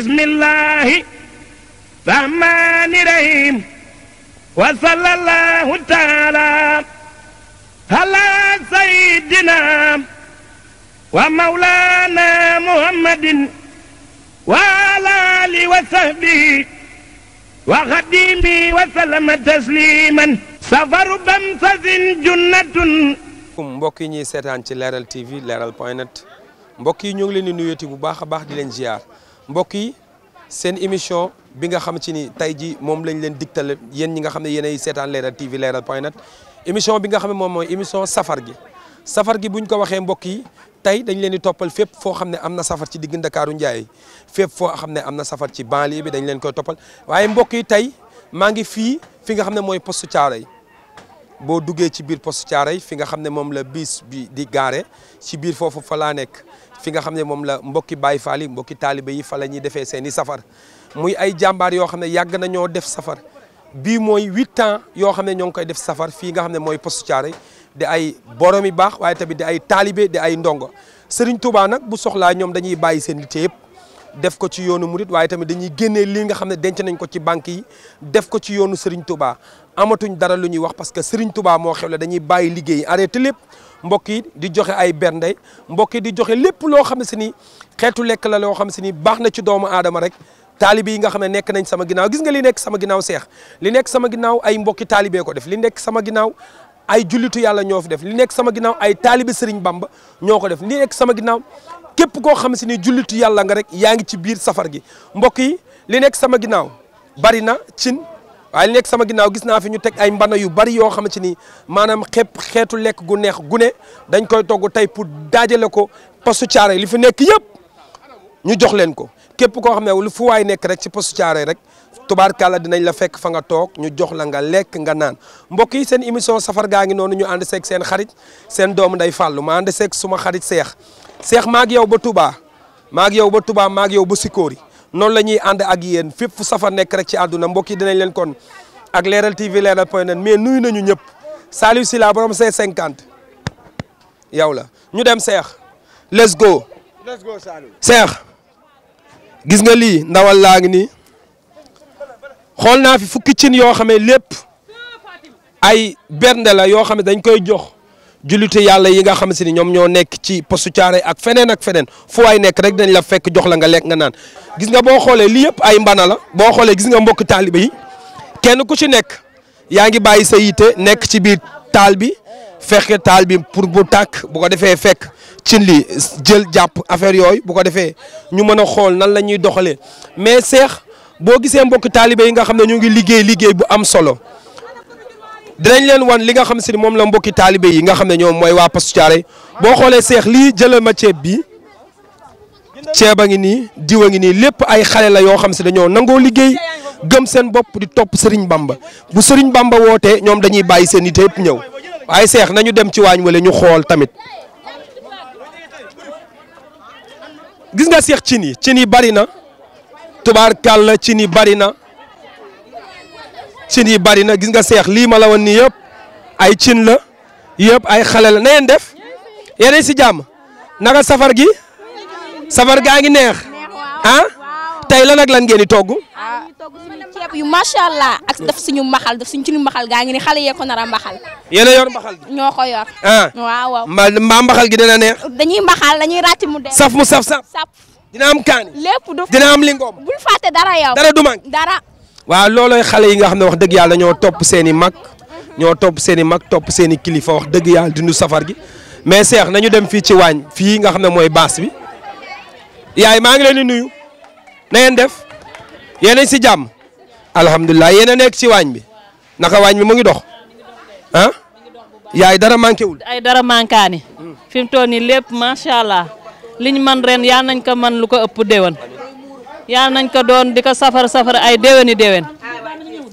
bismillaahi rahmaani rahiim wa sallallaahu taala ala sayyidina wa mawlaana muhammadin wa ala aalihi wa sahbihi wa xadiimihi wa sallama tasliiman safaru bamsasin junnatun mbokk yi ñuy seetaan ci leeral tv leeral point net mbokk yi ñoo ngi leen di nuyeeti bu baax a baax di leen ziar mbokk yi seen émission bi nga xam ci ni tey ji moom lañ leen digtal yéen ñi nga xam ne yéenay seetaan leeral TV leeral point net émission bi nga xam ne moom mooy émission safar gi safar gi buñ ko waxee mbokk yi tey dañ leen di toppal fépp foo xam ne am na safar ci digg Ndakaaru Njaay foo xam ne am na safar ci banlieue bi dañ leen koy toppal waaye mbokk yi tey maa ngi fii fi nga xam ne mooy poste caaray boo duggee ci biir poste Thiaroye fi nga xam ne moom la bis bi di gaare ci biir foofu fa laa nekk fi nga xam ne moom la mbokki Baay Faal mbokki taalibe yi fa la ñuy defee seeni i safar muy ay jàmbaar yoo xam ne yàgg nañoo def safar bii mooy huit ans yoo xam ne ñoo ngi koy def safar fii nga xam ne mooy Poste Thiaroye di ay borom yu baax waaye tamit ay taalibe di ay ndongo Serigne Touba nag bu soxlaa ñoom dañuy bàyyi seen yitte yëpp def ko ci yoonu murit waaye tamit dañuy génnee lii xam ne denc nañ ko ci banque yi def ko ci yoonu Serigne Touba amatuñ dara lu ñuy wax parce que Serigne Touba moo xew la dañuy bàyyi liggéey arrêté lépp mbokk yi di joxe ay bernde mbokk yi di joxe lépp loo xam ni xeetu lekk la loo xam ne si ni baax na ci doomu aadama rek taalibe yi nga xam ne nekk nañ sama ginnaaw gis nga li nekk sama ginnaaw seex li nekk sama ginnaaw ay mbokki taalibee ko def li nekk sama ginnaaw ay jullitu yàlla ñoo fi def li nekk sama ginnaaw ay taalibe Serigne bamb ñoo ko def li nekk sama ginnaaw képp koo xam si ni jullitu yàlla nga rek yaa ngi ci biir safar gi mbokk yi li nekk sama ginnaaw bari na cin waaye nekk sama ginnaaw gis naa fi ñu teg ay mbana yu bari yoo xamante ni maanaam xepp xeetu lekk gu neex gu ne dañ koy togg tey pour daajale ko postu Thiaroye li fi nekk yëpp ñu jox leen ko képp koo xam ne lu fu waay nekk rek ci postu Thiaroye rek tubaarkàlla dinañ la fekk fa nga toog ñu jox la nga lekk nga naan mbokk yi seen émission safar gaa ngi noonu ñu ànd seeg seen xarit seen doom nday fàllu ma ànd seeg suma xarit seex seex maag yow ba Touba maag yow ba Touba maag yow ba Sikori noonu la ñuy ànd ak yéen fépp fu safar nekk rek ci àdduna mbokk yi dinañ leen kon ak leeral TV leeral point net mais nuy nañu ñëpp ci Sylla borom say 50 yow la ñu dem Cheikh let's go. let's go gis nga lii ndawal laa ngi nii xool naa fi fukki cin yoo xam ne lépp ay bernde la yoo xam ne dañ koy jox. jullite yàlla yi nga xam si ni ñoom ñoo nekk ci post caare ak feneen ak feneen fu waay nekk rek dañ la fekk jox la nga lekk nga naan gis nga boo xoolee lii yëpp ay mbana la boo xoolee gis nga mbokk taalibe yi kenn ku ci nekk yaa ngi bàyyi sa yite nekk ci biir taal bi fekk taal bi pour bu tàkk bu ko defee fekk cin li jël jàpp affaire yooyu bu ko defee ñu mën a xool nan la ñuy doxalee mais seex boo gisee mbokk taalibe yi nga xam ne ñu ngi liggéey liggéey bu am solo dinañ leen wan li nga xam si ni moom la mbokki taalibe yi nga xam ne ñoom mooy waa Poste boo xoolee seex lii jëlal ma ceeb bi ceeb a ngi nii diw a ngi nii lépp ay xale la yoo xam si dañoo nangoo liggéey gëm seen bopp di topp sëriñ Bamba bu sëriñ Bamba woote ñoom dañuy bàyyi seen nit yëpp ñëw waaye seex nañu dem ci waañ wala ñu xool tamit gis nga seex ci yi ci yi bari na kàll ci nii bari na cin yi bari na gis nga seex lii ma la woon nii yëpp ay cin la yëpp ay xale la na ngeen def yéen si jàmm naka safar gi safar gaa ngi neex ah tey lan ak lan geen i togg. Ah, ceeb yu macha allah ak def suñu mbaxal def suñu suñu mbaxal gaa ngi ni xale yee ko nar a mbaxal. yéen yor mbaxal gi. ñoo ko yor. ah mbaa mbaxal gi dina neex. dañuy mbaxal dañuy ràcc mu dee. saf mu saf saf. dina am kaani. lépp du dina am lingom. dara yow. dara du manqué waaw loolooy xale yi nga xam ne wax dëgg yàlla ñoo topp seeni mag ñoo topp seen i mag topp seeni i kilifa wax dëgg yàlla dundu safar gi mais seex nañu dem fii ci waañ fii nga xam ne mooy baas bi yaay maa ngi leen di nuyu na ngeen def yéen si jàmm alhamdulilah yéen nekk ci waañ bi naka waañ bi mu ngi dox ah yaay dara manqué wul. ay dara mankaani fi mu toll nii lépp macha allah liñ man ren yaa nañ ko man lu ko ëpp déwan yàlla nañ ko doon di ko safara safar ay déwéni déwén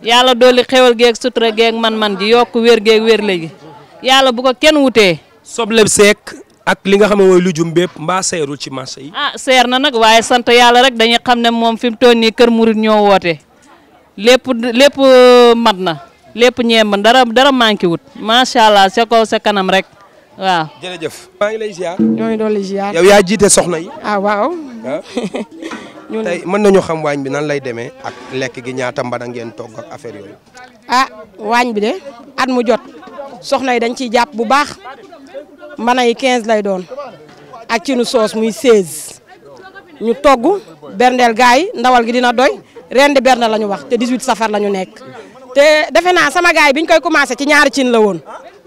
yàlla dolli xewal geeg sutura geeg man-man ji yokk wér geeg wér léegi yàlla bu ko kenn wutee. soble seek ak li nga xam ne mooy lu jum bépp mbaa seerul ci marché yi. ah seer na nag waaye sant yàlla rek dañuy xam ne moom fi mu toll nii kër murit ñoo woote lépp lépp uh, mat na lépp ñeem dara dara manqué wut macha allah sa kaw sa kanam rek. waaw jërëjëf. maa ngi lay ziar. ñoo ngi doon lay ziar. yow yi. Ah, tey mën nañu xam waañ bi nan lay demee ak lekk gi ñaata mbana ngeen togg ak affaire yooyu. ah waañ bi de at mu jot soxna yi dañ ciy jàpp bu baax mbana yi quinze lay doon ak ci nu soos muy 16 ñu togg berndeel gaay yi ndawal gi dina doy ren di bernde la ñu wax te 18 safar la ñu nekk. te defe naa sama gaay bi biñ koy commencé ci ñaari cin la woon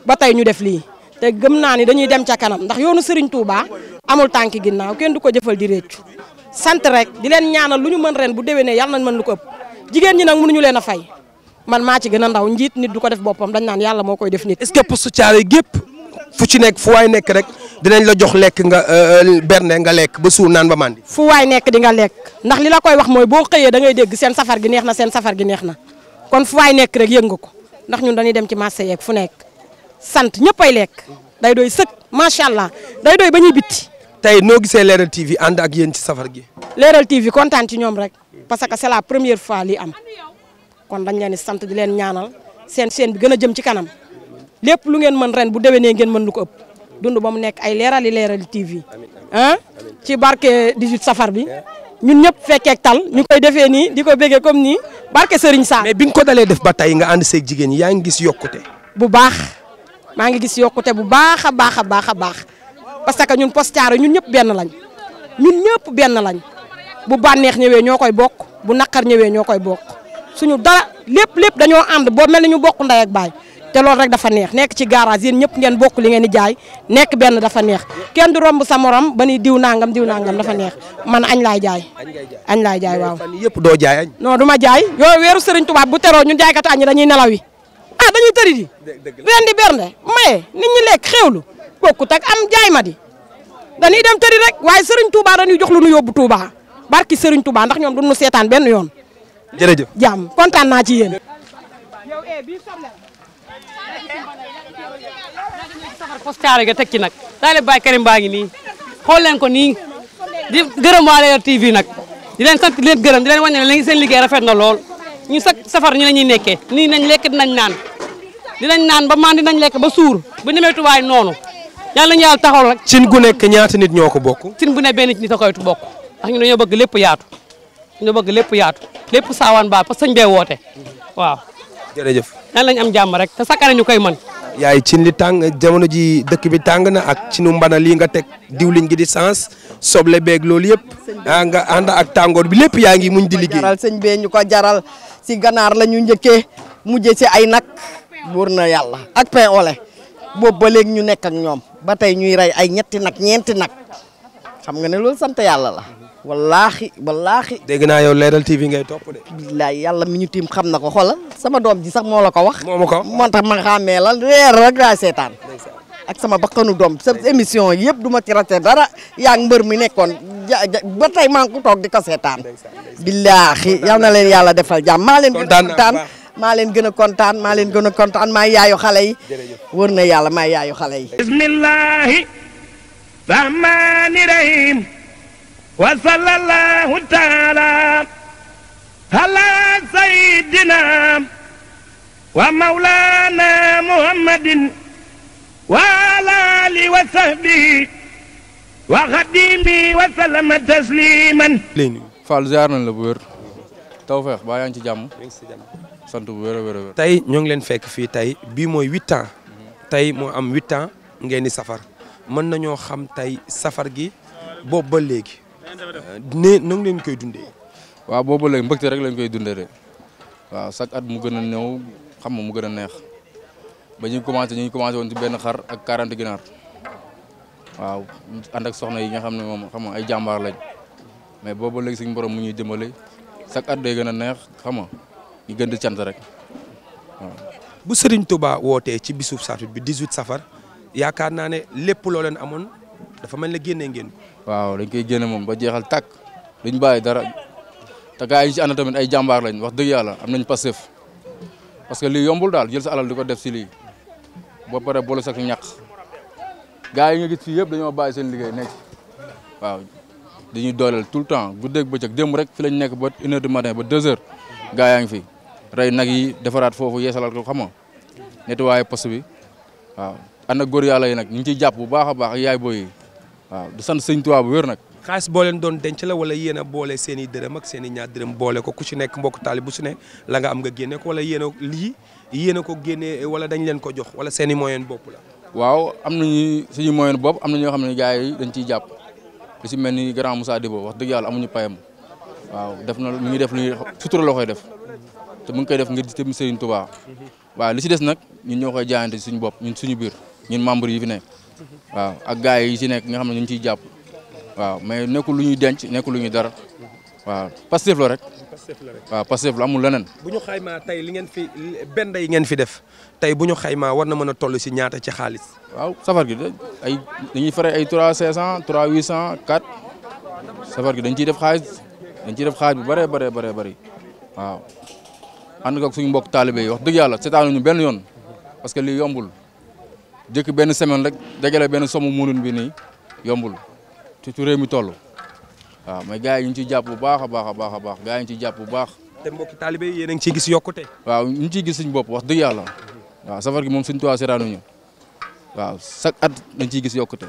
ba tey ñu def lii. te gëm naa ni dañuy dem ca kanam ndax yoonu Serigne Touba amul tànk ginnaaw kenn du ko jëfal di réccu sant rek di leen ñaanal lu ñu mën ren bu déwénee yàlla nañ mën lu ko ëpp jigéen ñi nag mënuñu leen a fay man maa ci gën a ndaw njiit nit du ko def boppam dañ naan yàlla moo koy def nit. est-ce que poste gépp fu ci nekk fu waay nekk rek dinañ la jox lekk nga euh, euh, berne nga lekk ba suur naan ba màndi. fu waay nekk di nga lekk ndax li la koy wax mooy boo xëyee da ngay dégg seen safar gi neex na seen safar gi neex na kon fu waay nekk rek yëg nga ko ndax ñun dañuy dem ci marché yeeg fu nekk sant ñëppay lekk day doy sëkk macha allah day doy ba tey noo gisee Leral TV ànd ak yéen ci safar gi. Leral TV kontaan ci ñoom rek parce que c'est la première fois li am kon dañ leen di sant di leen ñaanal seen seen bi gën a jëm ci kanam lépp lu ngeen mën ren bu déwénee ngeen mën lu ko ëpp. ba mu nekk ay leeral yi leeral TV ah ci barke 18 safar bi ñun ñëpp fekkee tal ñu koy defee nii di ko béggee comme nii barke Serigne Sarr. mais bi nga ko dalee def ba tey nga ànd seeg jigéen ñi yaa ngi gis yokkute. bu baax maa ngi gis yokkute bu baax a baax a baax a baax. parce que ñun Poste Thiaroye ñun ñëpp benn lañ ñun ñëpp benn lañ bu bànneex ñëwee ñoo koy bokk bu naqar ñëwee ñoo koy bokk suñu dara lép lépp dañoo ànd boo mel ni ñu bokk ndey ak baay te lool rek dafa neex nekk ci garage yéen ñëpp ngeen bokk li ngeen di jaay nekk benn dafa neex kenn du romb sa morom ba ni diw nangam diw nangam dafa neex man añ laay jaay. añ laay jaay waaw. yëpp doo jaay noo non du ma jaay yooyu weeru Serigne Touba bu teroo ñun jaaykatu añ dañuy nelaw yi dañuy tëri di ren di bernde maye nit ñi lekk xewlu bokkut ak am jaay ma di dañuy dem tëri rek waaye Serigne Touba dañuy jox lu nu yóbbu Touba barki Serigne Touba ndax ñoom du nu seetaan benn yoon. jërëjëf jàmm kontaan naa ci yéen. Eh, postare ga teg ci nag daal di baa ngi nii xool leen ko nii di gërëm waa Leral TV nag di leen sant di leen gërëm di leen wàññi ne seen rafet na lool ñu sax safar ñu la ñuy nekkee nii nañ lekk nañ naan dinañ naan ba maan dinañ lekk ba suur bu demee tubaay noonu yàlla ñu yàlla taxaw rek. cin gu nekk ñaata nit ñoo ko bokk. cin bu ne benn nit a koy bokk ndax ñu dañoo bëgg lépp yaatu ñu bëgg lépp yaatu lépp saawaan baa parce que sëñ bee woote waaw. jërëjëf lañ am jàmm rek te sakana ñu koy mën. yaay cin li tàng jamono ji dëkk bi tàng na ak cinu mbana lii nga teg diwlin gi di sens soble beeg loolu yëpp a ah, nga ànd ak tàngoor bi lépp yaa ngi muñ di liggéey. jaral sëñ bee ñu ko jaral si ganaar la ñu njëkkee mujjee si ay nag. wóor na yàlla ak pain au lait ba léegi ñu nekk ak ñoom ba tey ñuy rey ay ñetti nag ñeenti nag xam nga ne loolu sant yàlla la wallaahi wallaahi. dégg naa yow leeral TV ngay topp de. bilaay yàlla mi ñu tiim xam na ko xoolal sama doom ji sax moo la ko wax. moo ko moo tax ma xàmmee la leer rek laa seetaan. ak sama bakkanu doom sa émission yëpp du ma ci raté dara yaa mbër mi nekkoon ja ba tey maa ngi ko toog di ko seetaan. billaahi yal na leen yàlla defal jàmm maa leen. maa leen gën a kontaan maa leen gën a kontaan maa yaayu xale yi wër na yàlla maa yaayu xale yi bismillahi rahmani rahim wa sallallahu taala ala sayidina wa maulana muhammadin wa ala ali wa sahbihi wa xadimi wa sallama tasliman Fall ziar nañ la bu wér tawfeex baa yaa ngi ci jàmm sant bu wér a wér a tey ñoo ngi leen fekk fii tey bii mooy huit ans tey moo am huit ans ngeen di safar mën nañoo xam tey safar gi boobu ba léegi ne na ngi leen koy dundee waaw boobu ba léegi mbëgte rek lañ koy dundee de waaw chaque at mu gën a néew xam nga mu gën a neex ba ñuy commencé ñu ngi commencé woon ci benn xar ak 40 ginaar waaw ànd ak soxna yi nga xam ne moom xam ay jàmbaar lañ mais boobu ba léegi suñu borom mu ñuy dimbali chaque at day gën a neex xama ñu gën di cant rek waaw. bu Serigne Touba wootee ci suuf safit bi 18 safar yaakaar naa ne lépp loo leen amoon dafa mel ne génnee ngeen waaw dañ koy génne moom ba jeexal tàkk duñ bàyyi dara te gars yi ci tamit ay jàmbaar lañ wax dëgg yàlla am nañ parce que lii yombul daal jël sa alal di ko def si lii ba pare boole sax ñàq gars yi nga gis si yëpp dañoo bàyyi seen liggéey nekk waaw dañuy dooleel tout le temps guddeeg bëccëg démb rek fi lañ nekk ba une heure du matin ba deux heures gaa yaa ngi fi rey nag yi defaraat foofu yeesalal ko xam nga nettoyé poste bi waaw ànd ak góor yàlla yi nag ñu ngi ciy jàpp bu baax a baax yaay booy yi waaw du sant sëñ Tuubaa bu wér nag. xaalis boo leen doon denc la wala yéen boole seeni dërëm ak seen i ñaar dërëm boole ko ku ci nekk mbokk taali bu su ne la am nga génne ko wala yéen lii yéen ko génne wala dañ leen ko jox wala seeni i moyen bopp la. waaw am nañu suñu moyen bopp am na ñoo xam ne gars yi dañ ciy jàpp lu si mel ni grand Moussa Dibo wax dëgg amuñu payam waaw def na lu ñuy def lu ñuy sutura la koy def te mu ngi koy def ngir jëm Serigne Touba waaw li si des nag ñun ñoo jaan jaayante suñu bopp ñun suñu biir ñun membre yi fi nekk waaw a gars yi si nekk nga xam ne ñu ngi ciy jàpp waaw mais nekkul lu ñuy denc nekkul lu ñuy dara waaw Pastef la rek. waaw Pastef la amul leneen. bu ñu xaymaa tey li ngeen fi benn ngeen fi def tey bu ñu xaymaa war na mën a toll si ñaata ci xaalis. waaw safar gi ay dañuy fare ay 3 500 3 800 4 safar gi dañ ciy def xaalis. dañ ciy def xaaj bu bëree bëree bëree bëri waaw ànd ko ak suñu mbokk taalibe yi wax dëgg yàlla seetaanuñu benn yoon parce que lii yombul jëkk benn semaine rek dajale benn somu muulun bi nii yombul ci réew mi toll waaw mais gars yi ñu ngi ciy jàpp bu baax a baax a baax a baax gars yi ñu ciy jàpp bu baax. te mbokk taalibe yi yéen a ngi ciy gis yokkute. waaw ñu ciy gis suñu bopp wax dëgg yàlla waaw safar gi moom suñu tuwaa seetaanuñu waaw chaque at dañ ciy gis yokkute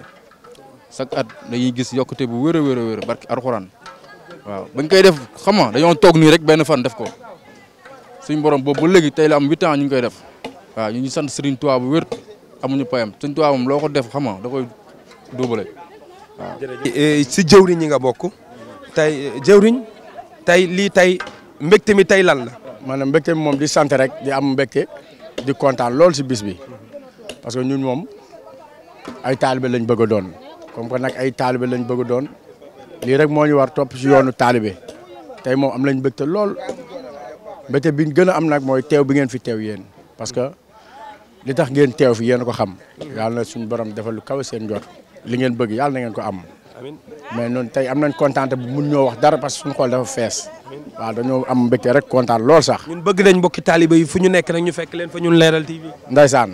chaque at dañuy gis yokkute bu wér a wér a wér barki alxuraan waaw bañ koy def xam dañoo toog nii rek benn fan def ko suñ borom boobu ba léegi tey la am huit ans ñu ngi koy def waaw ñu ngi sant Serigne Touba bu wér amuñu payam Serigne Touba moom loo ko def xam nga da koy duubale waaw. Eh, eh, si jëwriñ ñi nga bokk tey eh, jëwriñ tey lii tey mbégte mi tey lan la. maanaam mbégte mi moom di sant rek di am mbégte di kontaan lool si bis bi parce que ñun moom ay taalibe lañ bëgg a doon comme nag ay taalibe lañ bëgg a doon. lii rek moo ñu war topp si yoonu taalibe tey moom am lañ mbégte lool mbégte bi ñu gën a am nag mooy teew bi ngeen fi teew yéen parce que li tax ngeen teew fi yéen ko xam yàlla na suñu borom defal lu kawe seen njot li ngeen bëgg yàlla na ngeen ko am mais noonu tey am nañ kontaan bu mun ñoo wax dara parce que suñu xool dafa fees waaw dañoo am mbégte rek kontaan lool sax ñun bëgg nañ mbokki taaliba yi fu ñu nekk nag ñu fekk leen fa ñu leeral TV ndeysaan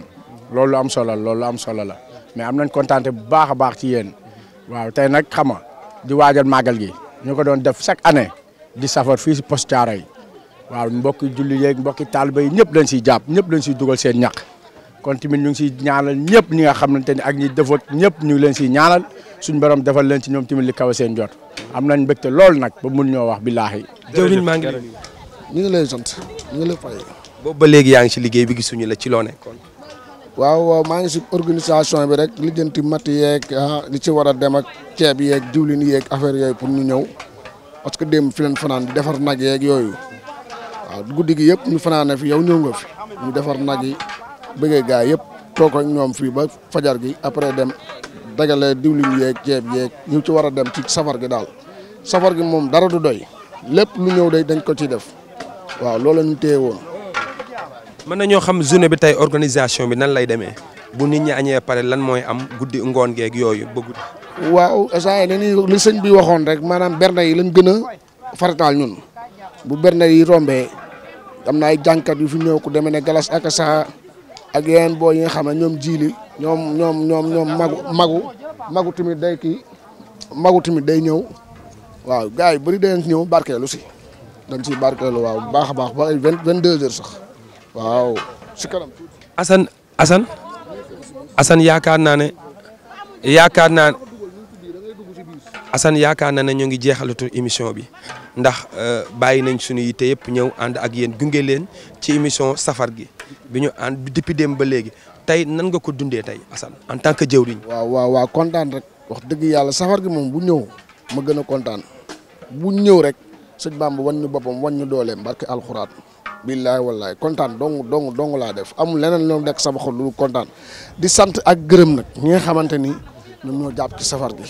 lo am solo la am solo la mais am nañ kontaan bu baax a baax ci yéen waaw tey nag xama di waajal màggal gi ñu ko doon def chaque année di safar fii si poste yi waaw mbokki julli yeeg mbokki taaliba yi ñëpp lañ siy jàpp ñëpp lañ siy dugal seen ñaq kon tamit ñu ngi siy ñaanal ñëpp ñi nga xamante ni ak ñi defoot ñëpp ñu ngi leen siy ñaanal suñu borom defal leen si ñoom tamit li kaw seen jot am nañ mbégte loolu nag ba mun ñoo wax billaahi. jëwriñ maa ngi ñu ngi lay sant ñu ngi lay fay. boobu ba léegi yaa ngi si liggéey bi gisuñu la ci loone nekkoon waaw maa ngi si organisation bi rek lijjanti matt yeeg ah, li ci war a dem ak ceeb yeeg diwlin yeeg affaire yooyu pour ñu ñëw parce que démb fi fanaan di defar nag yeeg yooyu waaw guddi gi yëpp ñu fanaane fi yow ñëw nga fi ñu defar nag yi bëggee gaa yëpp toog ak ñoom fii ba fajar gi après dem dagale diwlin yeeg ceeb yeeg ñu ci war a dem ci safar gi daal safar gi moom dara du doy lépp lu ñëw day dañ ko ci def waaw loolu la ñu woon mën nañoo xam journée bi tey organisation bi nan lay demee bu nit ñi añee pare lan mooy am guddi ngoon geeg yooyu ba guddi. waaw saa yi dañuy li sëñ bi waxoon rek maanaam bernde yi lañ gën a farataal ñun bu bernde yi rombee am na ay jànkat yu fi ñëw ku demee ne galas ak saa ak yeneen boo yi nga xam na ñoom jiili ñoom ñoom ñoom ñoom magu magu magu tamit day kii magu tamit day ñëw waaw gars yi bëri dañ ñëw barkeelu si dañ siy barkeelu waaw bu baax baax ba ay vingt vingt deux heures sax. waaw si kanam Assane Assane yaakaar naa ne yaakaar naa assan yaakaar naa ne ñu ngi jeexalatu émission bi ndax euh, bàyyi nañ suñu te yëpp ñëw ànd ak yéen gunge leen ci émission safar gi bi ñu ànd depuis dem ba léegi tey nan nga ko dundee tey assan en tant que jëwriñ. waaw waaw waaw kontaan rek wax dëgg yàlla safar gi moom bu ñëw ma gën a kontaan bu ñëw rek sëñ Bamba wan ñu boppam wan ñu dooleem barke alxuraat billaay wallaay kontaan dong dong dong laa def amul leneen ñoom nekk sama xol lu kontaan di sant ak gërëm nag ñi nga xamante ni ñoom jàpp ci safar gi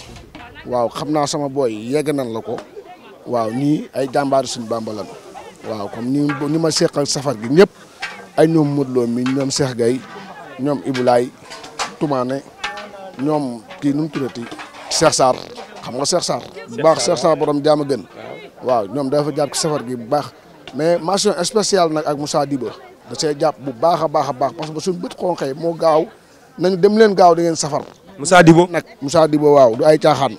waaw xam naa sama booy yegg nan la ko waaw ñii ay jàmbaaru suñu Bàmba lañu waaw comme ni ni ma seqal safar gi ñëpp ay ñoom Modou Lo mi ñoom Cheikh gay ñoom Ibulaay Toumane ñoom kii nu mu tuddati Cheikh Sarr xam nga Cheikh Sarr bu baax Cheikh Sarr borom jaam a gën waaw ñoom dafa jàpp ci safar gi bu baax mais mention spéciale nag ak Moussa Diba da see jàpp bu baax a baax a baax parce que suñu bët xonqee moo gaaw nañu dem leen gaaw da ngeen safar. Moussa Diba nag Moussa Diba waaw du ay caaxaan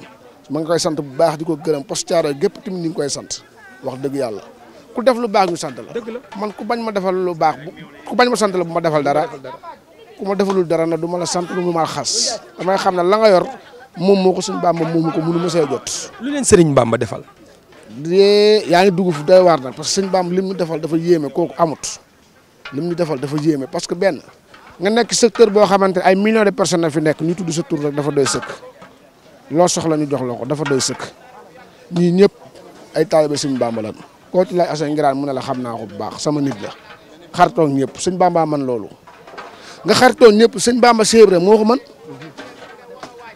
ma nga koy sant bu baax di ko gërëm parce que caaro gépp tamit ñu ngi koy sant wax dëgg yàlla ku def lu baax ñu sant la. la man ku bañ ma defal lu baax ku bañ ma sant la bu ma defal dara. ku ma defalul dara nag du ma la sant lu mu ma xas damay xam ne la nga yor moom moo ko suñu Bàmba moomu ko mënu ma see jot. lu leen Serigne Bàmba defal. yee yaa ngi dugg fu doy waar nag parce que sëñ Bamba lim ñu defal dafa yéeme kooku amut lim ñu defal dafa yéeme parce que benn nga nekk secteur boo xamante ay millions de personnes fi nekk ñu tudd sa tur rek dafa doy sëkk loo soxla ñu jox la ko dafa doy sëkk ñii ñëpp ay taalibe sëñ Bamba lan koo ci laaj Assane mu ne la xam naa ko bu baax sama nit la xaritoon ñëpp sëñ Bamba man loolu nga xaritoon ñëpp sëñ Bamba séebre moo ko mën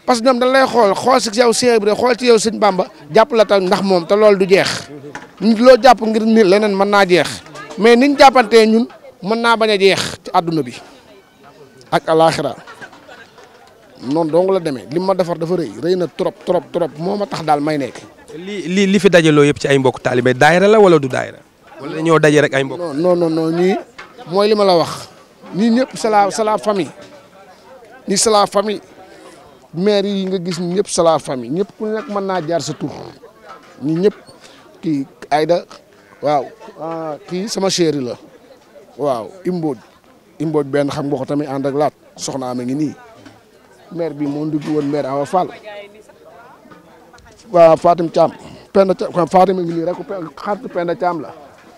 parce que ñoom dañ lay xool xool si yow Cheikh Ibra xool ci yow sëñ Bamba jàpp la tam ndax moom te loolu du jeex loo jàpp ngir ni leneen mën naa jeex mais niñ jàppantee ñun mën naa bañ a jeex ci àdduna bi ak alaxira noonu dong la demee li ma defar dafa rëy na trop trop trop moo ma tax daal may nekk. li li li fi dajaloo yëpp ci ay mbokk taalibe daayira la wala du daayira wala ñoo daje rek ay mbokk. non non non ñii mooy li ma la wax nii ñëpp c'est la c'est la fami maire yi nga gis ñëpp Salar Famille ñëpp ku nekk mën naa jaar sa tur ñi ñëpp kii Aïda waaw ah, kii sama chéri la waaw imbooj imbooj benn xam nga ko ànd ak laat soxna ama ngi nii maire bi moo ndugg woon maire Awa Fall waaw Fatim Thiam Penda Thiam Fatim ngi nii rek xaritu Penda Thiam la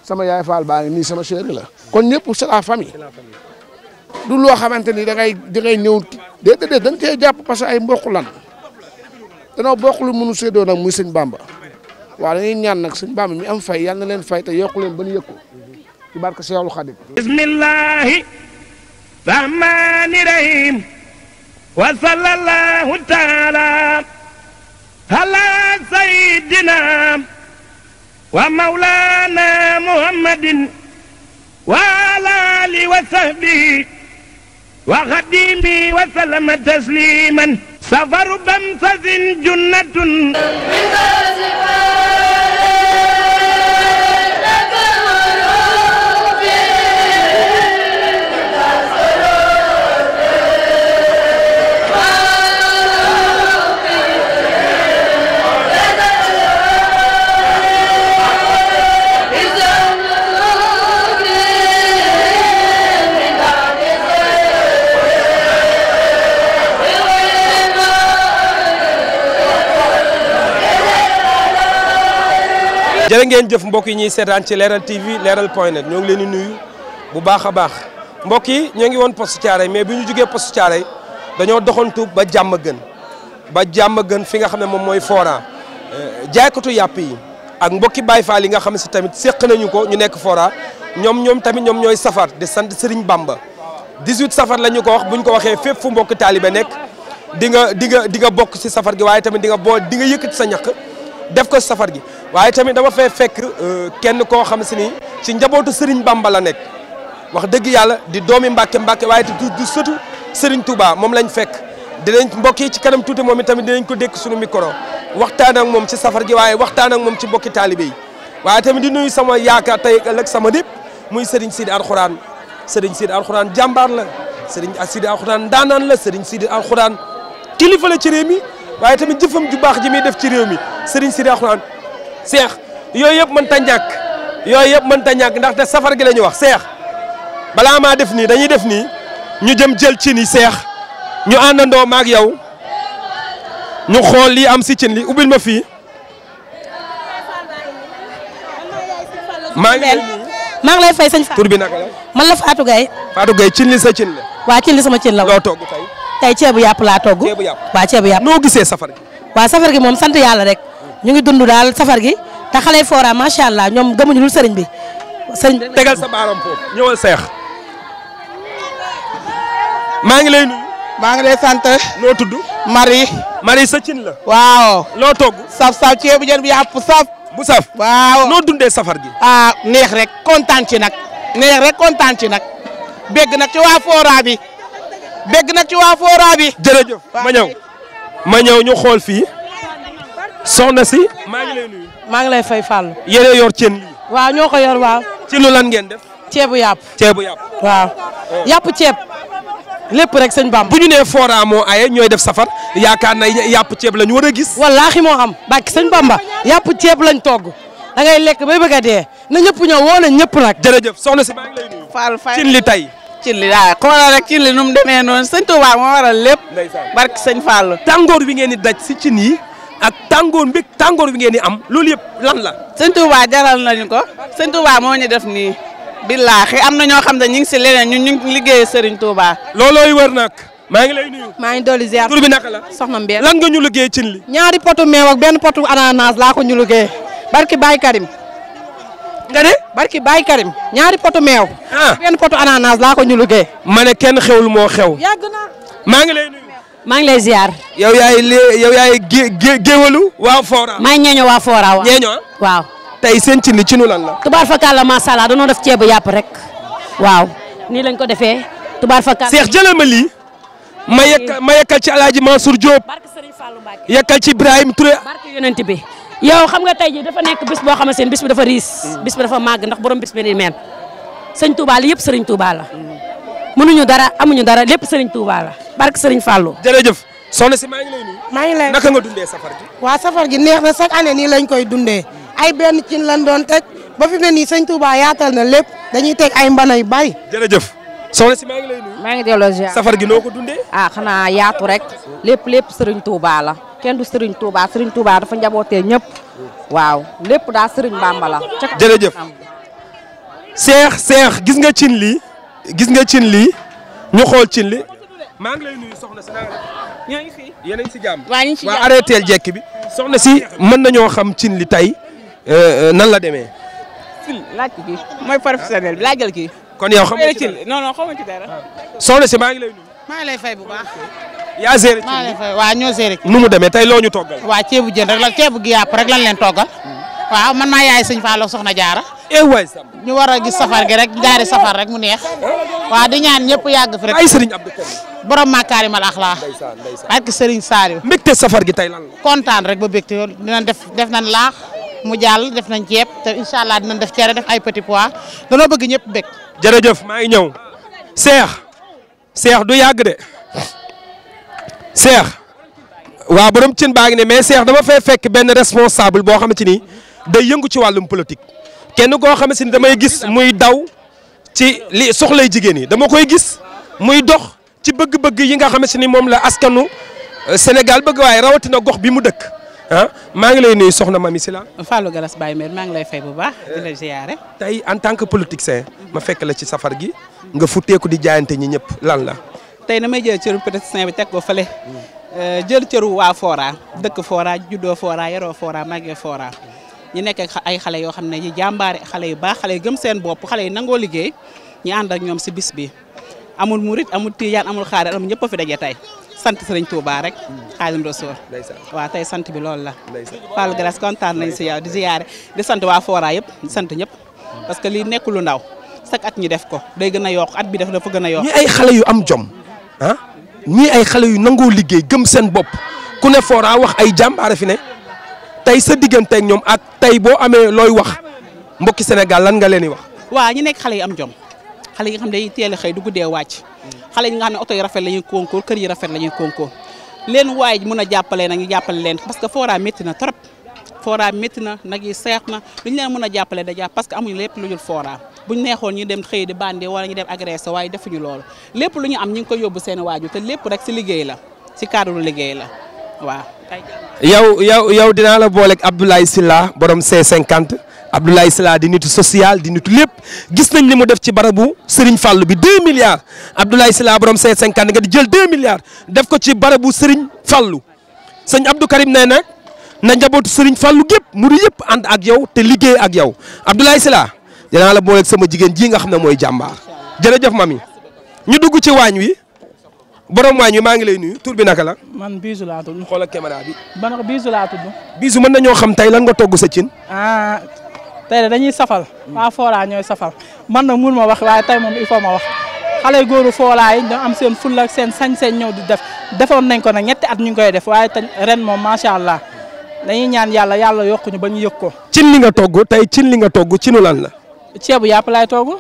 sama yaay Fall baa ngi nii sama chéri la kon ñëpp c'est la famille du loo xamante ni da ngay da ngay néew déedéet dañ cee jàpp parce que ay mbokk lan danoo bokk lu mënu séddoo muy sëñ bàmba waaw dañuy ñaan mi am fay leen fay yokku leen ba ñu yëg ko ci barke Seexul Xadim rahim wa sallallahu taala ala sayidina wa maulana muhammadin wa ala wa sahbihi wa xadimi wa sallama tasliman safaru bam fasin junnatun jërë ngeen jëf mbokk yi ñuy seetaan ci leeral TV leeral point net ñoo ngi leen di nuyu bu baax a baax mbokk yi ñoo ngi woon poste Thiaroye mais bi ñu jugee poste Thiaroye dañoo doxantu ba jàmm gën ba jàmm gën fi nga xam ne moom mooy fora euh, jaaykatu yàpp yi ak mbokki Baye Fall yi nga xam si tamit séq nañu ko ñu nekk fora ñoom ñoom tamit ñoom ñooy safar di sant Serigne Bamba 18 safar la ñu ko wax bu ñu ko waxee fépp fu mbokk taalibe nekk di nga di nga bokk si safar gi waaye tamit di nga boo di nga yëkkati sa ñaq def ko safar gi waaye tamit dama fee fekk euh, kenn koo xam si ni ci njabootu Serigne Bamba la nekk wax dëgg yàlla di doomi Mbàkke Mbàkke waaye du du sëtu Serigne Touba moom lañ fekk dinañ mbokk yi ci kanam tuuti moom itamit dinañ ko dékk sunu micro waxtaan ak moom ci safar gi waaye waxtaan ak moom ci mbokki taalibe yi waaye tamit di nuyu sama yaakaar tey ëllëg sama lépp muy Serigne Sidi Alxuraan Serigne Sidi Alxuraan jàmbaar la Serigne Sidi Alxuraan ndaanaan la Serigne Sidi Alxuraan kilifa la ci réew mi waaye tamit jëfam ju baax ji muy def ci réew mi sëriñ si alxuraan seex yooyu yëpp mën ta ñàkk yooyu yëpp mën ta ñàkk ndaxte safar gi la ñu wax seex balaa maa def nii dañuy def nii ñu jëm jël cin yi seex ñu àndandoo maak yow ñu xool lii am si cin li ubbil ma fii maa ngi maa ngi lay fay sëñ Fatou tur bi naka la man la Fatou Gaye Fatou Gaye cin li sa cin la waaw cin li sama cin la loo togg tey tey ceebu yàpp laa togg. ceebu yàpp waaw ceebu yàpp. noo gisee safar gi. waaw safar gi moom sant yàlla rek ñu ngi dund daal safar gi te xale yi foora macha allah ñoom gëmuñu lu sëriñ bi. sëriñ bi tegal sa baaram foofu ñëwal seex. maa ngi lay nuyu. maa ngi lay sant. noo tudd. Marie. Marie sa la. waaw. loo togg. saf saf ceebu jën bi yàpp saf. bu saf waaw noo dundee safar gi. ah neex rek kontaan ci nag. neex rek kontaan ci nag. bi. bégg nag ci waa Fora bi. jërëjëf ma ñëw ma ñëw ñu xool fii soxna si. maa ngi lay nuyu. maa ngi lay fay Fallou. yéen yor ceen lii. waaw ñoo ko yor waaw. ci lu lan ngeen def. ceebu yàpp. ceebu yàpp. waaw oh. yàpp ceeb lépp rek sëñ Bamba. bu ñu ne Fora moo aye ñooy def safar yaakaar na yàpp ceeb lañu war a gis. wallaahi moo am bàkki sëñ Bamba yàpp ceeb lañ togg dangay lekk bay bëgg a dee na ñëpp ñëw woo na ñëpp nag. jërëjëf soxna si maa ngi lay li tey. cilli waaw xoolal rek cilli nu mu demee noonu sëñ Touba moo waral lépp barki sëñ Fallou tàngoor bi ngeen di daj si cin yi ak tàngoor bi tàngoor bi ngeen di am loolu yëpp lan la sëñ Touba jaral nañu ko sëñ Touba moo ñu def nii billaahi am na ñoo xam ne ñu ngi si leneen ñu ñu ngi liggéey sëriñ Touba loolooy wër nag maa ngi lay nuyu maa ngi dolli ziar tur bi naka la soxna Mbène lan ga ñu liggéey cin li ñaari potu meew ak benn potu ananas laa ko ñu liggéey barki Baye Karim nga ne. barki Baye Karim ñaari pot meew. ah benn poto laa ko ñu liggéey. ma ne kenn lu moo xew. yàgg naa. maa ngi lay nuyu. maa ngi lay ziar. yow yaay lee yow yaay gé gé waa Fora. maa ngi ñeeñoo waa Fora waaw. ñeeñoo ah? waaw. tey seen cin li cinu lan la. tubaar fakalla macha allah danoo def ceebu yàpp rek. waaw nii lañ ko defee. tubaar fakalla Cheikh jëlee ma lii. ma yekkal ma ci El ma Mansour Diop. barke Serigne Fallou Mbacke yekkal ci Ibrahima Touré. barke yonent bi. yow xam nga tey ji dafa nekk bis boo xamante ne bis bi dafa riis bis bi dafa màgg ndax borom bis bi ni meen sëñ Touba yëpp sëriñ Touba la mënuñu dara amuñu dara lépp sëriñ Touba la barke sëriñ Fallou jërëjëf soxna si maa lay maa ngi lay naka nga dundee safar safar gi neex na chaque année nii lañ koy dundee ay benn cin lan doon teg ba fi mu nii sëñ Touba yaatal na lépp dañuy teg ay mbana yu bay jërëjëf soxna si maa lay nuyu maa ngi delloo safar gi noo ko dundee ah xanaa yaatu rek lépp lépp sëriñ Touba la kenn du Serigne Touba Serigne Touba dafa njabootee ñëpp waaw lépp daa Serigne Bamba la. jërëjëf seex seex gis nga cin lii gis nga cin lii ñu xool cin li maa ngi lay soxna si ngi fi yéen a ngi si jàmm. waa ñu bi. soxna si mën nañoo xam cin li tey euh, euh, nan la demee. cin laaj bi mooy professionnel bi laajal yaa géré maa ñoo géré nu demee tey loo ñu toggal waaw ceebu jën rek la ceebu gi yàpp rek lan leen toggal waaw man maa yaay sëñ Fallou soxna jaara eh, ñu war a gis safar gi rek jaari safar rek mu neex waaw di ñaan ñëpp yàgg fi rek ay sëriñ Abdou Karim borom makaarimal axlaa barke sëriñ Saliou mbégte safar gi tey lan kontaan rek ba bégte dinañ def def nañ laax mu jàll def nañ ceeb te incha allah dinañ def cere def ay petit pois danoo bëgg ñëpp bég jërëjëf maa ñëw seex seex du yàgg de Cheikh waaw borom cin baa ngi ne mais Cheikh dama fay fekk benn responsable boo xamante ni day yëngu ci wàllum politique kenn koo xamante ni damay gis muy daw ci li soxlay jigéen yi dama koy gis muy dox ci bëgg-bëgg yi nga xamante ni moom la askanu euh, Sénégal bëgg waaye rawatina gox bi mu dëkk ah maa ngi lay nuyu soxla Mamy Sylla. Fallou Galas Baye Mer maa ngi lay fay bu baax di la tey en tant que politicien ma fekk la ci safar gi nga futteeku di jaayante ñi ñëpp lan la. tey na jël cëru Petit Saint bi teg ko fële euh, jël cëru waa Fora dëkk foora juddoo Fora yaroo Fora màggee Fora ñu nekk ay xale yoo xam ne ñu jàmbaare xale yu baax xale yu gëm seen bopp xale yu nangoo liggéey ñu ak ñoom si bi amul murit amul tijaan amul xaaral amul ñëpp a fi daje tey sant sëriñ Touba rek Xaadim Rasuul waaw tey sant bi loolu la Fall Grasse kontaan nañ si yow di ziyaare sant waa foora yëpp sant ñëpp parce que lii nekk lu ndaw chaque at ñu def ko day gën a yokk at bi def dafa gën a yokk ñu ay xale yu am jom ah nii ay xale yu nangoo liggéey gëm seen bopp ku ne Fora wax ay jàmbaare fi ne tey sa digganteeg ñoom ak tey boo amee looy wax mbokki Sénégal lan nga leen di wax. waa ñu nekk xale yi am jom xale yi nga xam dañuy teel a xëy du dee wàcc xale yi nga xam ne oto yi rafet la ñuy concours kër yi rafet la ñuy concours leen waaye mën a jàppale nag ñu jàppale leen parce que foo Fora métti na trop. fora métti na nag yi seex na lu ñu leen mën a jàppale da jàpp parce que amuñu lépp lu ñu fora buñ neexoon ñu dem xëy di bande wala ñu dem agressé waaye defuñu loolu lépp lu ñu am ñu ngi koy yóbbu seen waajur te lépp rek si liggéey la si cadre liggéey la waaw. yow yow yow dinaa la booleeg Abdoulaye Sylla borom c cinquante Abdoulaye Sylla di nitu social di lépp gis nañ li mu def ci barabu Serigne Fallou bi 2 milliards Abdoulaye Sylla borom C50 nga di jël 2 milliards def ko ci barabu Serigne Fallou sëñ Abdou Karim nee na njabootu Serigne Fallou gépp murid yëpp ànd ak yow te liggéey ak yow Abdoulaye Sylla dinaa la booleeg sama jigéen ji nga xam ne mooy jàmbaar jërëjëf mami ñu dugg ci waañ wi borom waañ wi maa ngi lay nuyu tur bi naka la. man biisu laa tudd. xoolal caméra bi. man biisu laa tudd. biisu mën nañoo xam tey lan nga togg sa cin. ah tey dañuy safal. waa Fora ñooy safal man na mun ma wax waaye tey moom il faut ma wax xale góoru Fora yi ñu am seen fulla ak seen sañ-sañ ñëw di def defoon nañ ko nag ñetti at ñu ngi koy def waaye ren moom macha allah. dañuy ñaan yàlla yàlla yokku ñu ba ñu yëg ko. cin li nga togg tey cin li nga togg cinu lan la. ceebu yàpp laay togg waaw.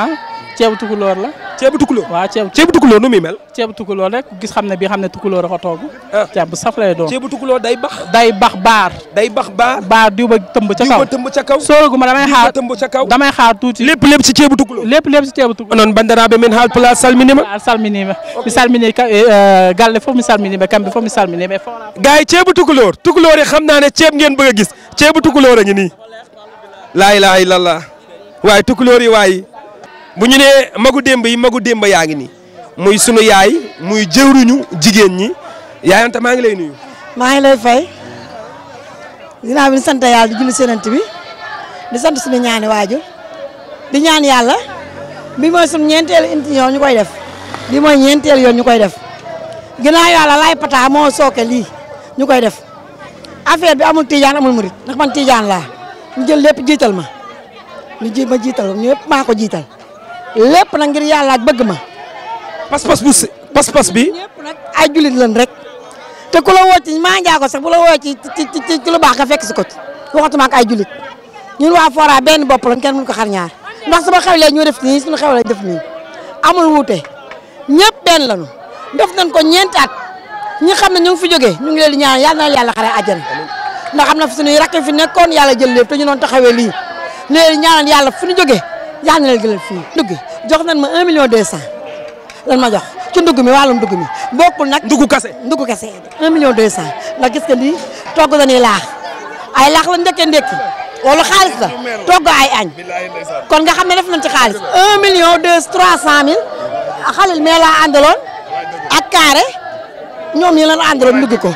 Ah. ceebu tukulóor la. ceebu tukulóor waaw ceebu. ceebu tukulóor nu muy mel. ceebu tukulóor rek gis xam ne bii xam ne tukulóor a ko togg. Ah. ceeb bu saf lay doon. ceebu tukulóor day bax. day bax baar. day bax baar. baar diw ba tëmb ca kaw diw ba tëmb kaw. sóoragu ma damay xaar diw ba tëmb kaw. damay xaar tuuti. lépp lépp ci ceebu tukulóor. lépp lépp ci ceebu tukulóor. onon bandiraɓe men haalpulaar salminima. waaw ah, salminima. mi salmini eh, eh, galle fof mi salminima kamɓe fof mi salminima. E gars yi ceebu tukulóor tukulóor yi xam naa ne ceeb ngeen bëgg a gis ceebu tukulóor a ngi nii laa ilaaha illallah waaye tukulóor yi waaye bu ñu nee magu démb yi magu démb yaa ngi nii muy sunu yaay muy jëwriñu jigéen ñi yaay Anta maa ngi lay nuyu. maa ngi lay fay ginnaaw bi di sant yàlla di bi di sant suñu ñaani waajur di ñaan yàlla bi mooy suñu ñeenteelu émission ñu koy def bi mooy ñeenteelu yoon ñu koy def ginnaaw yàlla laay pata moo sooke lii ñu koy def affaire bi amul tijaan amul murit ndax man tijaan laa ñu jël lépp jiital ma ñu ji ma jiital ñëpp maa ko jiital. lépp na ngir yàlla ak bëgg ma. pas-pas bu pas-pas bi. ñëpp nag ay jullit lan rek te ku la woo ci maa njaago sax bu la woo ci ci ci baax nga fekk si ko ci waxatuma ak ay jullit ñun waa Fora benn bopp lañ kenn mënu ko xar ñaar ndax sama lee ñoo def nii suñu xewlee def nii amul wuute ñëpp benn lañu def nan ko ñeenti at ñi xam na ñu ngi fi jógee ñu ngi leen di ñaan yal na yàlla xare àjjana ndax xam na fi suñuy rakk fi nekkoon yàlla jël lépp te ñu doon taxawee lii ñu leen di ñaanal yàlla ñu jógee yaa na leen gënal fii dugg jox nañ ma 1 million 200 la ma jox ci ndugg mi wàllum ndugg mi bokkul nag. ndugg kese ndugg kese 1 million 200 ndax gis nga ni togg dañuy laax ay laax la njëkkee ndekki wala xaalis la togg ay añ kon nga xam ne def nañ ci xaalis 1 million 2 300 mille xalil mee laa àndaloon ak carré ñoom ñi lan àndaloon ndugg ko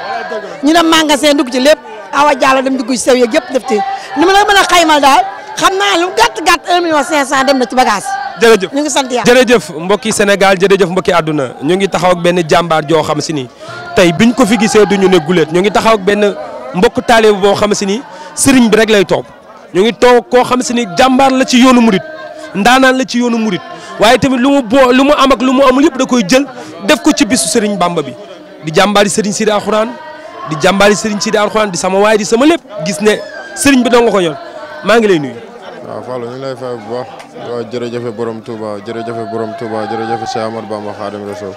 ñu na magasin ndugg ci lépp awa jàll dem dugg ci sew yeeg yëpp def ci ni ma la mën a xaymal daal. xam naa lu gàtt gàtt 1 million 500 dem na ci bagage. jërëjëf ñu ngi sant yàlla jërëjëf mbokki Sénégal jërëjëf mbokki àdduna ñoo ngi taxaw benn jàmbaar joo xam si ni tey ñu ko fi gisee du ñu ne guleet ñoo ngi taxaw benn mbokk taalibe boo xam si ni sëriñ bi rek lay toog ñoo ngi toog koo xam si ni jàmbaar la ci yoonu murit ndaanaan la ci yoonu murit waaye tamit lu mu boo lu mu am ak lu mu amul yëpp da koy jël def ko ci bisu sëriñ Bamba bi di jàmbaari sëriñ Sidi Alxuraan di jàmbaari sëriñ Sidi Alxuraan di sama waay di sama lépp gis ne sëriñ bi dong ko ñor maa ngi lay nuyu waaw Fallou ñu ngi lay fay bu baax waaw jërëjëfe borom Touba jërëjëfe borom Touba jërëjëfe Cheikh Amadou Bamba Khadim Rasoul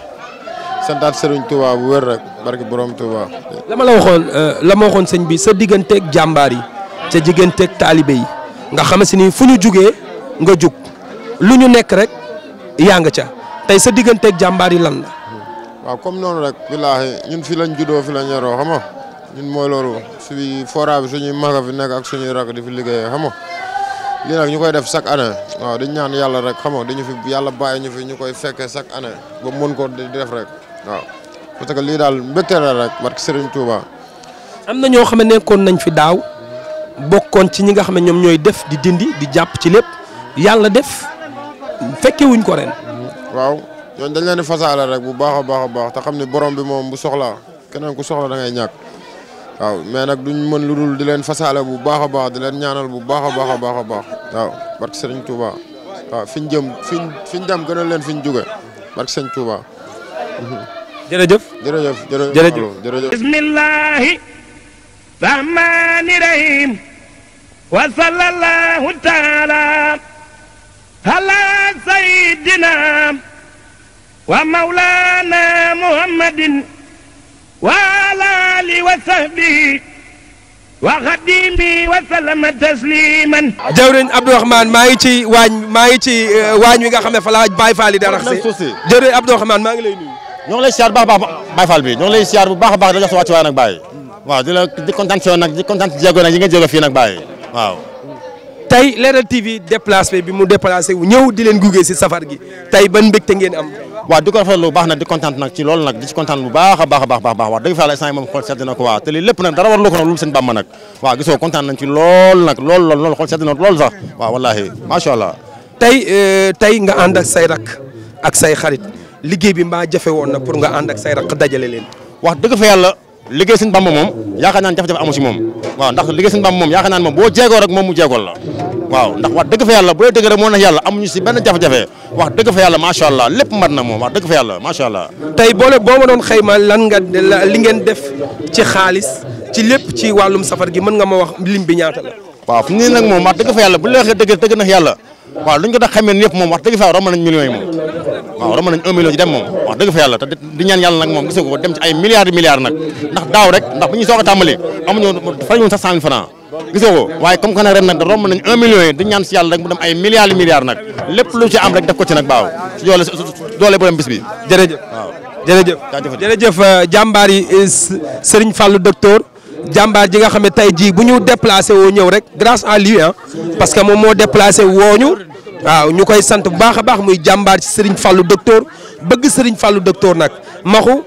santaat Serigne Touba bu wér rek barki borom Touba. lama ma la waxoon euh, la ma waxoon sëñ bi sa digganteeg jàmbaar yi sa digganteeg taalibe yi nga xam si ni fu ñu jugee nga jug lu ñu nekk rek yaa nga ca tey sa digganteeg jàmbaar yi lan la. waaw comme noonu rek. billaahi ñun fi lañ juddoo fi lañ yaroo xam nga ñun mooy loolu suñuy fora bi maga fi nekk ak suñuy rak di fi liggéeyee lii nag ñu koy def chaque année waaw dañ ñaan yàlla rek xam nga dañu fi yàlla bàyyi ñu fi ñu koy fekkee chaque année ba mën ko di def rek waaw parce que lii daal mbégte la rek barke Serigne Touba. am na ñoo xam ne nekkoon nañ fi daaw bokkoon ci ñi nga xam ne ñoom ñooy def di dindi di jàpp ci lépp yàlla def fekkewuñ ko ren. waaw ñooñu dañ leen di fasaale rek bu baax a baax a te xam ne borom bi moom bu soxlaa keneen ku soxla da ñàkk. waaw mais nag duñ mën lu dul di leen fasaale bu baax a baax di leen ñaanal bu baax a baax a baax a baax waaw barke sëriñ Touba waaw fi ñu jëm fi ñu fi ñu dem gënal leen fi ñu jóge barke rahim wa sallallahu taala ala sayyidina wa maulana muhammadin وعلى آله وصحبه وخديمي وسلم تسليما jawriñ Abdourahmane maa ngi ci waañ maa ngi ci euh, waañ wi nga xam ne fa laa Baye Fall yi dara si jawriñ Abdourahmane maa ngi lay nuyu ñoo ngi lay siyaar bu baax a baax bi ñoo lay siyaar bu baax a baax da nga sa wàccuwaay nag Baye waaw di la di kontaan nag di kontaan si jéego nag yi nga jéego fii nag Baye waaw tey Leral TV déplacé bi mu déplacé wu ñëw di leen gugee si safar gi tey ban mbégte ngeen am waaw di ko rafetlu baax na di kontaan nag ci loolu nag di ci kontaan bu baax a baax a baax baax wax dëgg fa la instant moom xool sedd na dara war loo ko nag loolu seen bàmba gisoo kontaan nañ ci lool nag lool lool lool xool sedd na lool sax waaw wallaahi macha allah tey euh, tey nga ànd ak say rak ak say xarit liggéey bi mbaa jafe woon na pour nga ànd ak say rak dajale leen wax dëgg fa yàlla liggéey sëñ Bamba moom yaakaar naan jafe-jafe amu si moom waaw ndax liggéey sëñ Bamba moom yaakaar naan moom boo jeegoo rek moom mu jeegool la waaw ndax wax dëgg fa yàlla bu dëgg moo tax yàlla amuñu si benn jafe-jafe wax dëgg fa yàlla macha lépp mat na moom wax dëgg fa yàlla macha allah tey boole boo ma doon xayma lan nga li ngeen def ci xaalis ci lépp ci wàllum safar gi mën nga ma wax lim bi ñaata la waaw nii nag moom wax dëgg fa yàlla bu leexee dëgg dëgg nag yàlla waaw luñ ko tax xamee yëpp moom wax dëgg fa yàlla waaw romb nañ un million ci dem moom wax dëgg fa yàlla te di ñaan yàlla nag moom gisoo ko dem ci ay milliards de milliards nag ndax daaw rek ndax bu ñuy soog a tàmbali amuñu fañu sax ko waaye comme que nag ren nag da romb nañ un million yi di ñaan si yàlla rek mu dem ay milliards de nag lépp lu ci am rek def ko ci nag baaw si doole doole borom bis bi jërëjëf waaw euh, yi euh, Serigne Fallou docteur jàmbaar ji nga xam ne bu ñu déplacé woo ñëw rek grâce waaw ñu koy sant bu baax a baax muy jàmbaar ci Serigne Fallou docteur bëgg sëriñ Fallou docteur nag maxu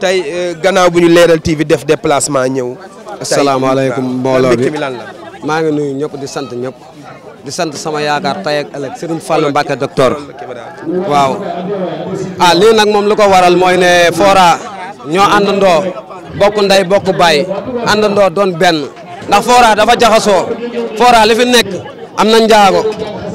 tey euh, gannaaw bu ñu leeral TV def déplacement ñëw. asalaamaaleykum mbooloo bi maa ngi nuyu ñëpp di sant ñëpp. di sant sama yaakaar tey ak ëllëg Serigne Fallou Mbacke docteur. waaw ah lii nag moom lu ko waral mooy ne Fora ñoo àndandoo bokk ndey bokk baay àndandoo doon benn. ndax Fora dafa jaxasoo Fora li fi nekk am na njaago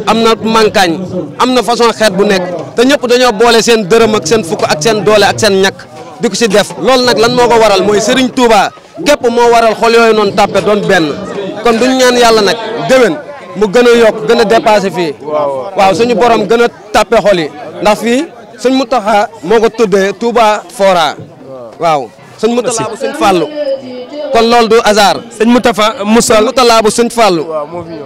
am na mankaañ am na façon xeet bu nekk te ñëpp dañoo boole seen dërëm ak seen fukk ak seen doole ak seen ñàkk di ko si def loolu nag lan moo ko waral mooy Serigne Touba képp moo waral xol yooyu noonu tàppe doon benn kon duñ ñaan yàlla nag déwén mu gën a yokk gën a dépassé fii waaw suñu boroom gën a tàppe xol yi ndax fii suñ mu taxaa moo ko tuddee Touba Fora waaw suñ mu taxaa bu suñ fàllu kon loolu du hasard. sëñ Moutafa Moussa sëñ Moutala bu sëñ Fallou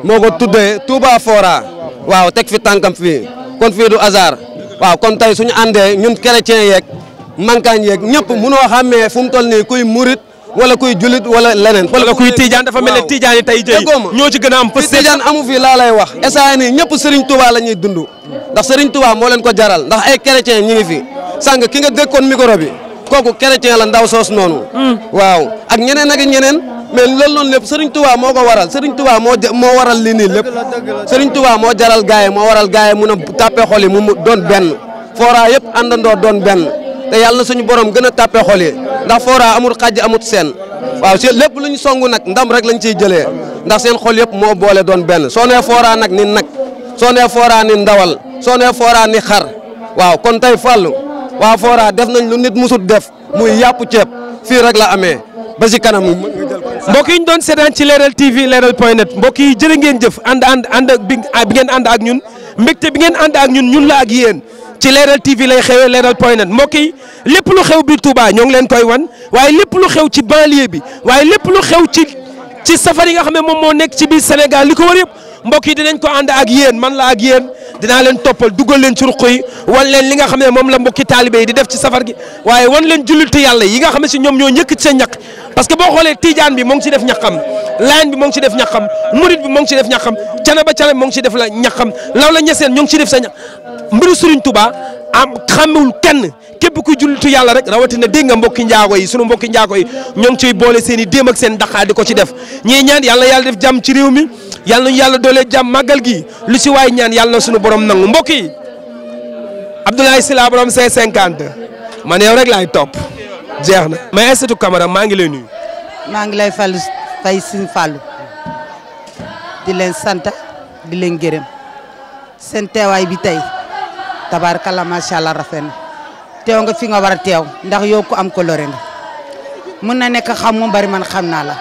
moo ko tuddee Touba Fora waaw teg fi tànkam fii kon fii du hasard waaw kon tey suñu àndee ñun chrétien yeeg mankaañ yeeg ñëpp mënoo xàmmee fu mu toll nii kuy murit wala kuy julit wala leneen. wala kuy Tidiane dafa mel ne yi tey jëy ñoo ci gën a am pës Tidiane amu fi laa lay wax essayé nii ñëpp Serigne Touba la ñuy dund ndax Serigne Touba moo leen ko jaral ndax ay chrétien ñi ngi fi sànq ki nga dëkkoon kon micro bi kooku chrétien la ndaw soos noonu. Hmm. waaw ak ñeneen ak ñeneen. mais loolu noonu lépp Serigne Touba moo ko waral Serigne Touba moo moo waral lii nii lépp. Serigne Touba moo jaral gaay moo waral gaay mun a tàppe xol yi mu doon benn. fooraa yëpp àndandoo doon benn te yàlla na suñu boroom gën a tàppe xol yi ndax fora amul xaj amut seen. waaw si lépp lu ñu songu nag ndam rek lañ ciy jëlee ndax seen xol yëpp moo boole doon benn soo nee fora nag ni nag soo nee fora ndawal soo nee fora waa Fora def nañ lu nit musut def muy yàpp ceeb fii rek la amee ba ci kanam mbokk yi ñu doon seetaan ci leeral TV leeral point net mbokk yi jërë ngeen jëf ànd ànd ànd ah, bi ngeen ànd ak ñun mbégte bi ngeen ànd ak ñun ñun la ak yéen ci leeral TV lay xewee leeral point net mbokk yi lépp lu xew bi Touba ñoo ngi leen koy wan waaye lépp lu xew ci banlieue bi waaye lépp lu xew ci ci safar yi nga xam ne moom moo nekk ci biir Sénégal li ko wër yëpp. mbokk yi dinañ ko ànd ak yéen man la ak yéen dinaa leen toppal dugal leen ci ruq yi wan leen li nga xam ne moom la mbokki taalibe yi di def ci safar gi waaye wan leen julliti yàlla yi nga xam ne si ñoom ñoo ñëkk ci seen ñaq parce que boo xoolee tijaan bi moo ngi ci def ñaqam layeen bi moo ngi ci def ñaqam murit bi moo ngi ci def ñaqam cana ba cana moo ngi ci def la ñaqam law la ñeseen ñoo ngi ci def sa ñaq mbiru Sëriñ Tuubaa am xamewul kenn képp ku jullitu yàlla rek rawatina dégg nga mbokki njaago yi sunu mbokki njaago yi ñoo ngi ciy boole seen i déem ak seen daqaa di ko ci def ñii ñaan yàlla yàlla def jàmm ci réew mi yàlla nañu yàlla doolee jàmm màggal gi lu si waay ñaan yàlla na suñu borom nangu mbokk yi Abdoulaye borom C50 ma yow rek laay topp jeex na. mais Aïssatou Camara maa ngi lay nuyu. maa ngi lay fal fay sin fàllu di leen sant di leen gërëm seen teewaay bi tey tabaarkalla macha allah rafet na teew nga fi nga war a teew ndax yow am coloré nga mun na nekk xam mu bari man xam naa la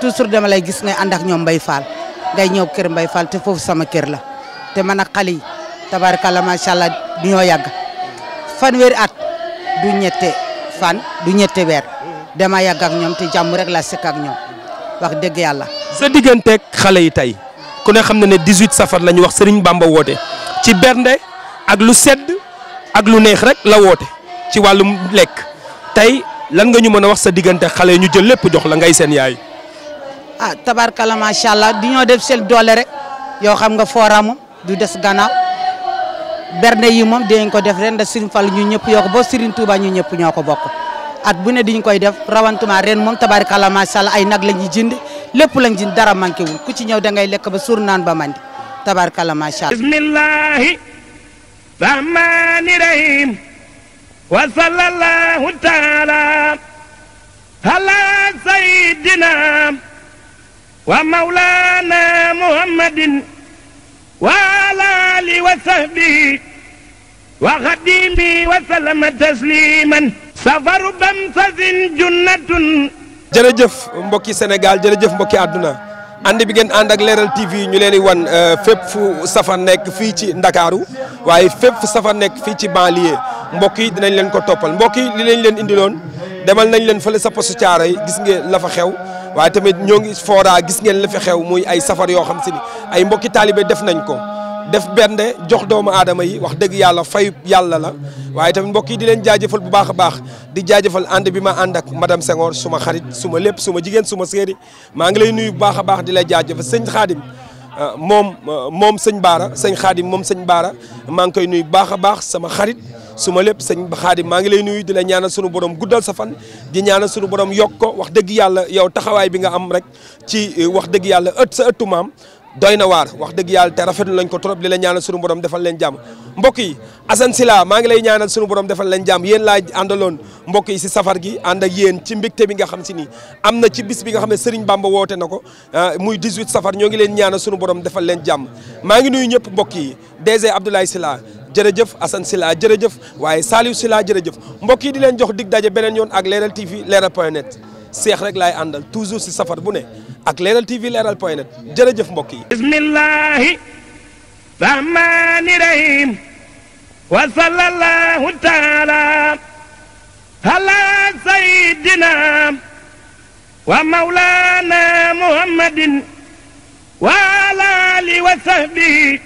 toujours dama lay gis ngay ànd ñoom Mbaye Fall. day ñëw kër Mbay Fall te foofu sama kër la te man ak xale yi tabaarkalla macha allah ñoo yàgg fanweeri at du ñette fan du ñette weer dama yàgg ak ñoom te jàmm rek la sekk ak ñoom wax dëgg yàlla. sa digganteeg xale yi tey ku ne xam na ne 18 safar la ñu wax Serigne Bamba woote ci bernde ak lu sedd ak lu neex rek la woote ci wàllum lekk tey lan nga ñu mën a wax sa diggante xale yi ñu jël lépp jox la ngay seen yaay. ah tabarkalla macha allah di ñoo def seen doole rek yoo xam nga foora moom du des gannaaw berne yi moom dinañ ko def ren da Serigne Fall ñu ñëpp yoo ko bokk Serigne Touba ñu ñëpp ñoo ko bokk at bu ne diñ koy def rawantuma ren moom tabarkalla macha allah ay nag la ñuy jënd lépp lañ jënd dara manqué wul ku ci ñëw da ngay lekk ba suur naan ba mandi tabarkalla macha allah. bismillahi rahmani rahim wa mawlaana muhammadin wa ala ali wa sahbihi wa xadimi wa salama tasliman safaru bamsasin junnatun jërëjëf mbokki senegal jërëjëf mbokki àdduna ànd bi ngeen ànd ak Leral TV ñu leen wan euh, fépp fu safar nekk fii ci Ndakaaru waaye fépp fu safar nekk fii ci banlieue mbokk yi dinañ leen ko toppal mbokk yi li lañ leen indiloon demal nañ leen fële sa posu yi gis ngeen lafa xew waaye tamit ñoo ngi fooraa gis ngeen la fi xew muy ay safar yoo xam si ni ay mbokki taalibe def nañ ko def bernde jox doomu aadama yi wax dëgg yàlla fay yàlla la waaye tamit mbokk yi di leen jaajëfal bu baax a baax di jaajëfal ànd bi ma ànd ak madame Senghor suma xarit suma lépp suma jigéen suma séeri maa ngi lay nuy bu baax a baax di la jaajëfal sëñ xaadim euh, moom euh, moom sëñ baara sëñ xaadim moom sëñ baara maa ngi koy nuy bu baax a baax sama xarit su ma lépp sëñ Xaadim maa ngi lay nuyu di ñaana sunu borom guddal sa fan di ñaana sunu borom yokk ko wax dëgg yàlla yow taxawaay bi nga am rek ci eh, wax dëgg yàlla ëtt sa ëttu maam doy na waar wax dëgg yàlla te rafetlu lañ ko trop li la ñaanal sunu borom defal leen jàmm mbokk yi Assane Sylla maa ngi lay ñaanal sunu borom defal leen jàmm yéen laa àndaloon mbokk yi si safar gi ànd ak yéen bi nga xam si ni am na ci bis bi nga xam ne Serigne Bamba woote na ko ah, muy 18 safar ñoo ngi leen ñaanal sunu borom defal jàmm maa ngi nuyu ñëpp mbokk yi DG Abdoulaye Sylla jërëjëf Assane Sylla jërëjëf waaye Saliou Sylla jërëjëf mbokk di leen jox dig daje beneen yoon ak Leral TV Leral point net seex rek laay àndal toujours si safar bu ne ak leeral TV leeral point net jërëjëf mbokk yi. bismillahi rahmani rahim wa sallallahu taala ala sayidina wa maulana muhammadin wa ala ali wa sahbihi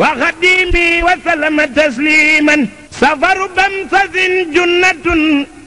wa xadimi wa sallama tasliman safaru bamsasin junnatun